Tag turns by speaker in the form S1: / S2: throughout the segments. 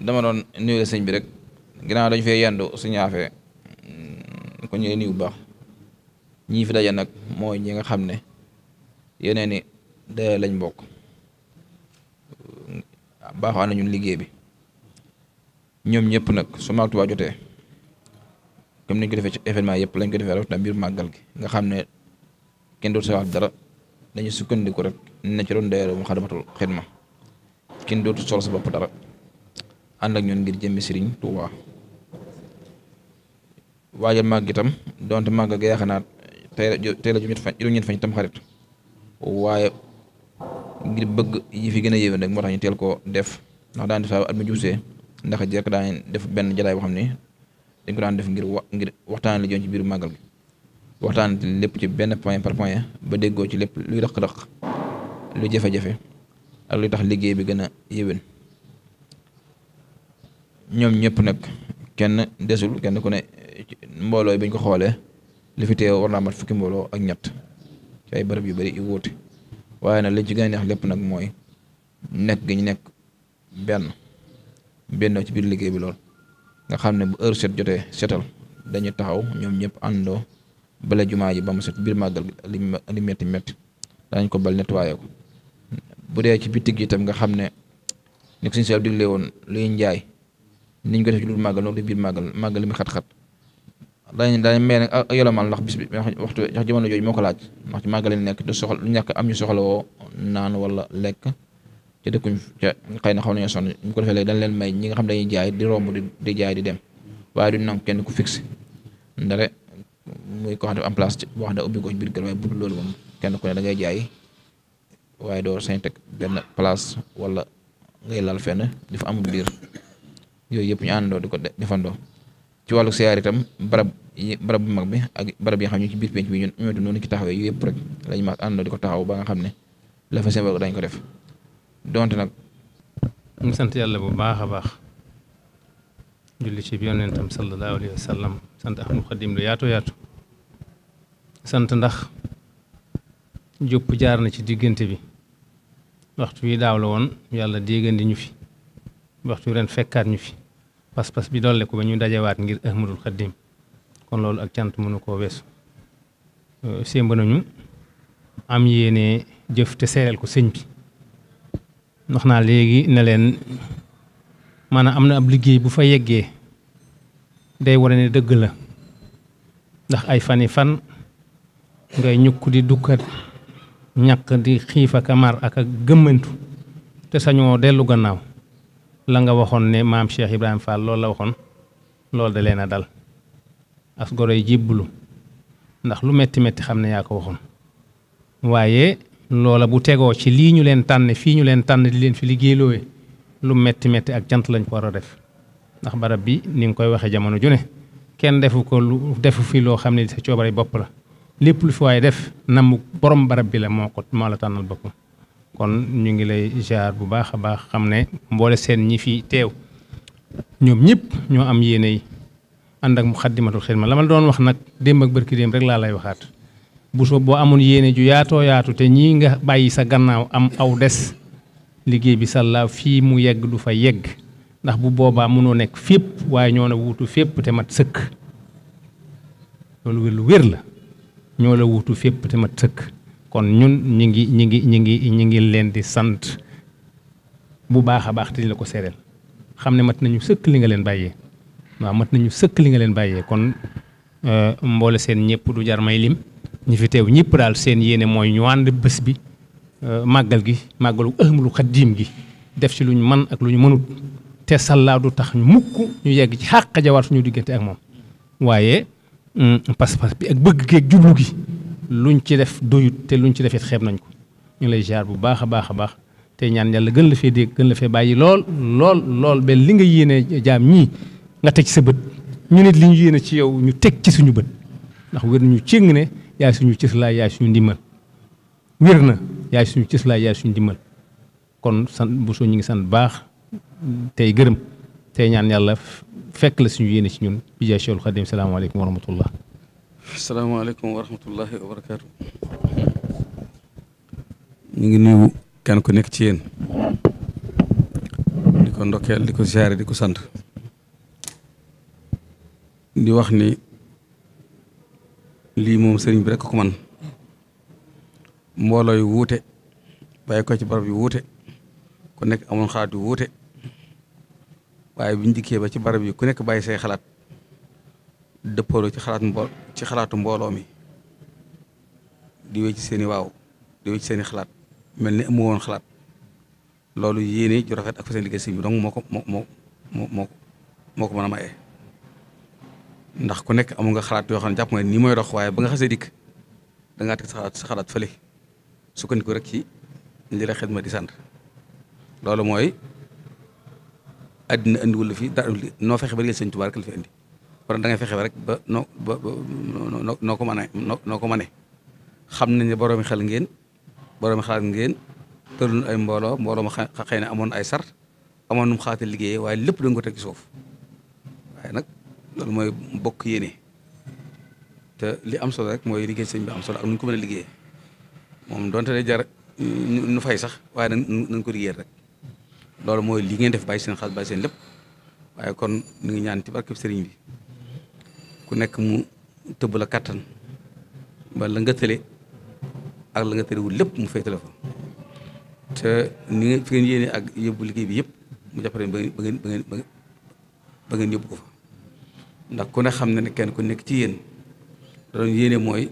S1: dama doon nuyu la sëñ bi rek ginnaaw dañu fee yendu suñu affaire mm, ko ñu nuyu bu baax ñii fi daje nag mooy ñi nga xam ne yeneen i dayoo lañ bokk baaxoo na ñun liggéey bi ñoom ñëpp nag su Magal Tuubaa jotee comme ni ñu ko defee ci événement yëpp lañ ko defee rawatina biir màggal gi nga xam ne kenn dootu si wax dara dañu sukkandiku rek ne ci doon dayoo Moukhaddamatoul Khidma kenn dootu sol sa bopp dara. ànd ak ñun ngir jëmmi sëriñ Tuubaa waajal màgg itam donte màgg ga yaxanaat tey la tey la juróom-ñett fañ juróom-ñett ngir bëgg yi fi gën a yéwén rek moo ñu teel koo def ndax daan def at mi juusee ndax jekk daan def benn jataay boo xam ne dañ daan def ngir wa waxtaan la joon ci biir màggal gi waxtaan lépp ci benn point par point ba déggoo ci lépp luy rëq-rëq lu jafe-jafe ak luy tax liggéey bi gën a yéwén ñoom ñëpp nag kenn desul kenn ku ne mbooloo bi ñu ko xoolee li fi teew war naa mat fukki mbooloo ak ñett ci ay barab yu bari yu wuute waaye nag liñ ci gën a nag mooy nekk gi ñu nekk benn bennoo ci biir liggéey bi lool nga xam ne bu heure set jotee setal dañu taxaw ñoom ñëpp àndoo bala jumaa ji ba mu set biir màggal li metti metti daañ ko bal nettoyé bu dee ci bitig yi tam nga xam ne ni ko suñu seeb digle woon luy njaay niñ ko def ci lu màggal noonu def biir màggal màggal mi xat-xat daañu daañu may nag ak ah, ah, yolomal ndax bis bi waxtu ndax jamono jooju moo ko laaj ndax ci màggal nekk du ñàkk am ñu soxla woo naan wala lekk te dëkkuñ ca xëy na xaw nañoo sonn ñu ko defee dañ leen may ñi nga xam dañuy jaay di romb di jaay di dem waaye du nangu kenn ku fix ndare muy ko xam ne am place ubbi ko biir kër waaye budul kenn ku ne da ngay jaay waaye doo sañ teg benn place walla ngay lal fenn di fa amul biir yooyu yëpp ñu àndandoo di ko defandoo ci wàllu siyaar itam barab bu mag bi ak barab yi nga xam ñu ci biir penc bi ñun ñootu noonu ci taxawee yu yëpp rek lañu ma àndandoo di ko taxaw ba nga xam ne la fa seen bopp dañ ko def
S2: donte nag ñu sant yàlla bu baax a baax julli ci bi yonentam sallallahu alayhi wa sallam sant Ahmadu Xadim lu yaatu yaatu sant ndax jëpp jaar na ci diggante bi waxtu yi daaw la woon yàlla déggandi ñu fi waxtu ren fekkaat ñu fi pas-pas bi dolle ko ba ñu dajewaat ngir Ahmadul Xaddim kon loolu ak cant mënu koo weesu euh, sémb nañu am yéene jëf te seereel ko sëñ bi wax naa léegi ne leen maanaam am na ab liggéey bu fa yeggee day wara ne dëgg la ndax ay fani fan ngay ñukk di dukkat ñaq di xiif ak a mar ak a gëmmantu te sañoo dellu gannaaw la nga waxoon ne maam Cheikh Ibrahima Fall loolu la waxoon loolu da leen a dal as yi jébbalu ndax lu metti metti xam ne yaa ko waxoon waaye loola bu tegoo ci lii ñu leen tànn fii ñu leen tànn di leen fi liggéeyloowe lu metti metti ak jant lañ ko war a def ndax barab bi ni nga koy waxee jamono ju ne kenn defu ko lu defu fi loo xam ne sa coobare bopp la lépp lu fi waaye def namm borom barab bi la moo ko moo la tànnal boppam kon ñu ngi lay jaar bu baax a baax xam ne mboole seen ñi fi teew ñoom ñëpp ñoo am yéene yi ànd ak Muxaddamatul ma la ma doon wax nag démb ak bërki rek laa lay waxaat bu boo amoon yéene ju yaatoo yaatu te ñii nga bàyyi sa gannaaw am aw des liggéey bi sàllaa fii mu yegg du fa yegg ndax bu boobaa mënoo nekk fépp waaye ñoo la wuutu fépp te mat sëkk loolu wér lu wér la ñoo la wuutu fépp te mat sëkk kon ñun ñi ngi ñi ngi ñi ngi ñi ngi leen di sant bu baax a baax te la ko seedeel xam ne mat nañu sëkk li nga leen bàyyee waaw mat nañu sëkk li nga leen bàyyee kon euh, mboole seen ñëpp du jar may lim ñi fi teew ñëpp daal seen yéene mooy ñu wànd bés bi euh, màggal gi màggalu Ahmadul Xadiim gi def ci lu ñu man ak lu ñu mënut te sallaa du tax ñu mukk ñu yegg ci xàq jawaat suñu diggante ak moom waaye mm, pas-pas bi ak bëgg geeg jublu gi luñ ci def doyut te luñ ci defit xeeb nañ ko ñu lay ziar bu baax a baax a baax te ñaan yàlla gën la fee dégg gën la fee bàyyi lool lool lool benn li nga yéene jaam ñii nga teg ci sa bët ñu nit li ñu yéene ci yow ñu teg ci suñu bët ndax wér nañu cëng ne yaay suñu cëslaay yaay suñu ndimbal wér na yaay suñu cëslaay yaay suñu ndimbal kon sant bu ñu ngi sant baax tey gërëm tey ñaan yàlla fekk la suñu yéene ci ñun bi jaay Cheikhul Khadim salaamaaleykum wa
S3: asalaamaaleykum wa rahmatullahi wa barakaatu. ñu ngi nuyu kenn ku nekk ci yéen di ko ndokkeel di ko ziare di ko sant di wax ni lii moom sëriñ bi rek ko man mbooloo yu wuute bàyyi ko ci barab yu wuute ku nekk amoon xalaat yu wuute waaye biñ dikkee ba ci barab yi ku nekk bay say xalaat dëppooroo ci xalaat mbo ci xalaatu mbooloo mi di ci seeni waaw di ci seeni xalaat mel ni amu woon xalaat loolu yéene ju rafet ak fa seen liggéey sëñ bi donc moo ko moo moo moo moo ko mën a maye ndax ku nekk amu nga xalaat yoo xam ne jàpp nga ni mooy dox waaye ba nga xasee dikk da ngaa teg sa xalaat sa xalaat fële rek ci li la ma di sant loolu mooy àddina indiwul la fi dara noo fexe ba liggéey sëñ Tuubaa rek la fi indi kon da ngay fexe rek ba noo ba noo ko mën a noo ko mën xam nañ ne boroomi xel ngeen boroomi xalaat ngeen tëruñu ay mbooloo mbooloo ma xëy na amoon ay sar amoon nu mu xaate liggéeyee waaye lépp da ko teg ci waaye nag loolu mooy bokk yéene te li am solo rek mooy liggéey sëñ bi am solo ak nu ko mën a liggéeyee moom donte ne jar nu fay sax waaye nag nañ ko liggéeyal rek loolu mooy li ngeen def bàyyi seen xaalis bàyyi seen lépp waaye kon ñu ngi ñaan ci barkeb sëriñ bi ku nekk mu tëbb la kàttan ba la nga tële ak la nga tëlewul lépp mu fay téléphone te ni ngeen fi ngeen yéene ak yóbbu liggéey bi yëpp mu jàppale ba ngeen ba ngeen ba ngeen yóbbu ko fa ndax ku ne xam na ne kenn ku nekk ci yéen da doon mooy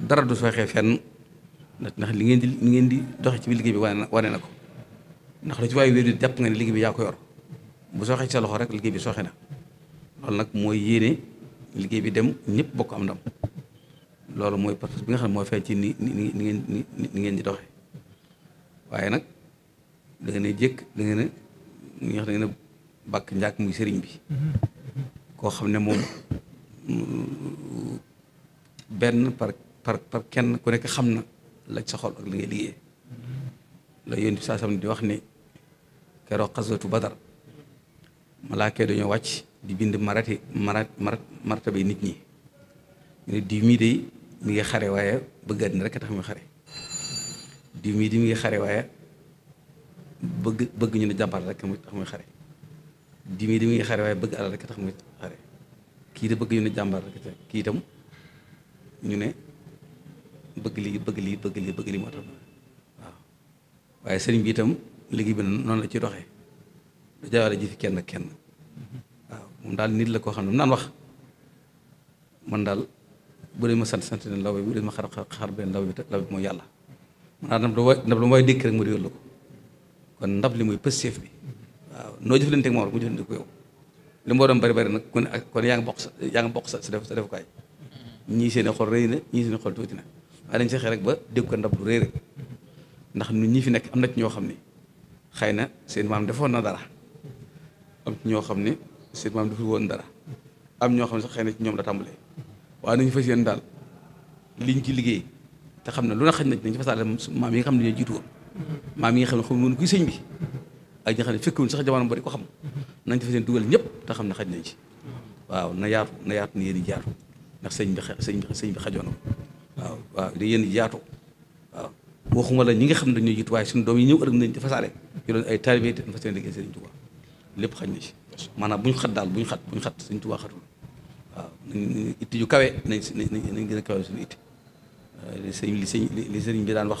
S3: dara du sooxee fenn ndax li ngeen di li ngeen di doxe ci biir liggéey bi wane na wane na ko ndax lu ci waaye wéeru jàpp nga ne liggéey bi yaa ko yor bu sooxee ci sa loxo rek liggéey bi sooxe na loolu nag mooy yéene liggéey bi dem ñëpp bokk am ndam loolu mooy parce bi nga xam ne mooy feeñ ci ni ni ni ngeen ngeen di doxee waaye nag da ngeen a jékk njàkk muy sëriñ bi xam ne moom benn par par kenn ku nekk xam na laaj sa xol ak li ngay liggéey la yéen bi saa sam di wax ne keroog xasatu badar malaaka yi dañoo wàcc di bind marati marat marat martaba nit ñi ñu ne diw de mi ngi xare waaye bëgg àddina rek a tax muy xare diw mii di mi ngi xare waaye bëgg bëgg ñu ne jàmbaar rek muy tax xare diw di mi xare waaye bëgg alal rek a tax muy xare kii de bëgg ñu ne jàmbaar rek kii itam ñu ne bëgg lii bëgg lii bëgg lii bëgg lii moo waaw waaye sëriñ bi itam liggéey bi noonu la ci doxee du jaawale ji fi kenn kenn waaw moom daal nit la koo xam ne mu naan wax man daal bu ne ma sant sant leen law bi bu dee ma xar xar benn law bi law bi mooy yàlla man daal ndab lu waay ndab lu waay dékk rek ma ko kon ndab li muy pësteef bi noo jëflante ak moom rek mu jëflante moo doon bari bari nag kon kon yaa ngi bokk sa yaa ngi sa sa def sa defukaay ñii seen i xol rëy na ñii seen xol tuuti na waaye dañ seexee rek ba dégg ko ndab lu réere ndax ñun ñi fi nekk am na ñoo xam ne xëy na seen maam defoon na dara am ñoo xam ne seen maam dafa woon dara am ñoo xam ne sax xëy na ci ñoom la tàmbalee waaye nañu fas yéen daal liñ ci liggéey te xam ne lu na xaj na ci nañ ci fasaale maam yi nga xam ne ñoo jiitu woon maam yi nga xam ne xamuñu woon kuy sëñ bi ak ñi nga xam ne fekkiwuñ sax jamono bari nañ ci fas yéen dugal ñëpp te xam ne xaj nañ ci waaw na yaatu na yaatu ni i jaatu ndax sëñ bi sëñ bi sëñ bi xajoona waaw waaw da yéen jaatu waaw waxuma la ñi nga xam ne dañoo jiitu waaye suñu doom yi ñëw ëllëg nañ fasaale yu doon ay taalibe te fas yéen liggéey sëriñ Tuubaa lépp xañ na ci maanaam bu ñu xat daal bu ñu xat bu ñu xat suñ tubaa xatul waaw nañ itti ju kawe nañ nañ gën a kawe suñu itti euh, li sëñ li sëñ li sëriñ bi daan wax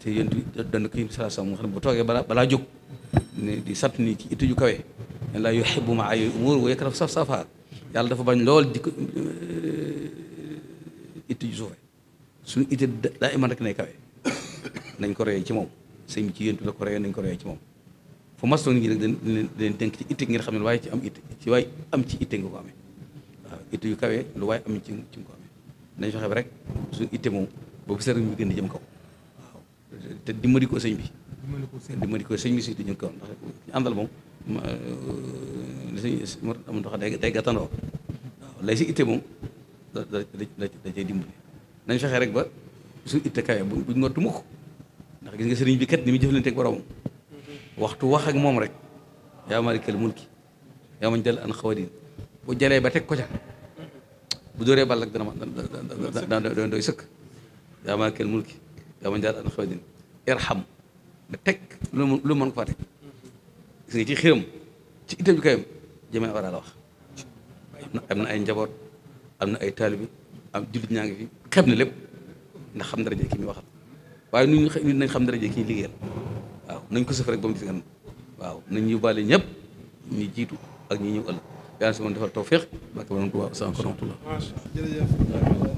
S3: te yéen doon ko yéen saa saa mu xam ne bu toogee balaa balaa jóg ne di sant ni ci itti ju kawe la yuhibbu ma ay umur wa yakrahu saf safa yàlla dafa bañ lool di ko euh, itti ju suufe suñu itti daa iman rek nay kawe nañ ko royee ci moom sëñ bi ci yéen la ko royee nañ ko royee ci moom ko mas toog nit ñi rek dañ leen dénk ci itte ngeen xam ne waaye ci am itte ci waaye am ci itte nga ko amee waaw yu kawee lu waaye am ci ci nga ko amee fexe ba rek it itte moom boobu sëriñ gën di jëm te dimbali ko sëñ bi dimbali ko sëñ bi si di jëm kaw ñu àndal moom li euh, sëñ ndox day day gàttandoo waaw lay si itte moom da da da rek ba suñu itte kawee buñ ngottu mukk ndax gis nga sëriñ bi kat ni mu jëflante ak boromam waxtu wax ak moom rek yaa malikal mulki yaa man jël an xawadin bu jëlee ba teg ko ca bu dóoree bal rek dana ma dana doy sëkk yaa malikal mulki yaa man jël an xawadin irham ba teg lu mën ko fa teg gis nga ci xiram ci itam ju kayam a la wax am na ay njaboot am na ay taalibi am jullit ñaa ngi fi xam na lépp ndax xam daraje kii mi waxal ñu nañ xam daraje kii liggéeyal nañ ko sëf rek ba mu gis ngeen nañ yóbbaale ñëpp ñi jiitu ak ñi ñëw ëllëg yàlla na si mën defal tawféex barke borom Tuubaa salaamaaleykum wa
S2: rahmatullah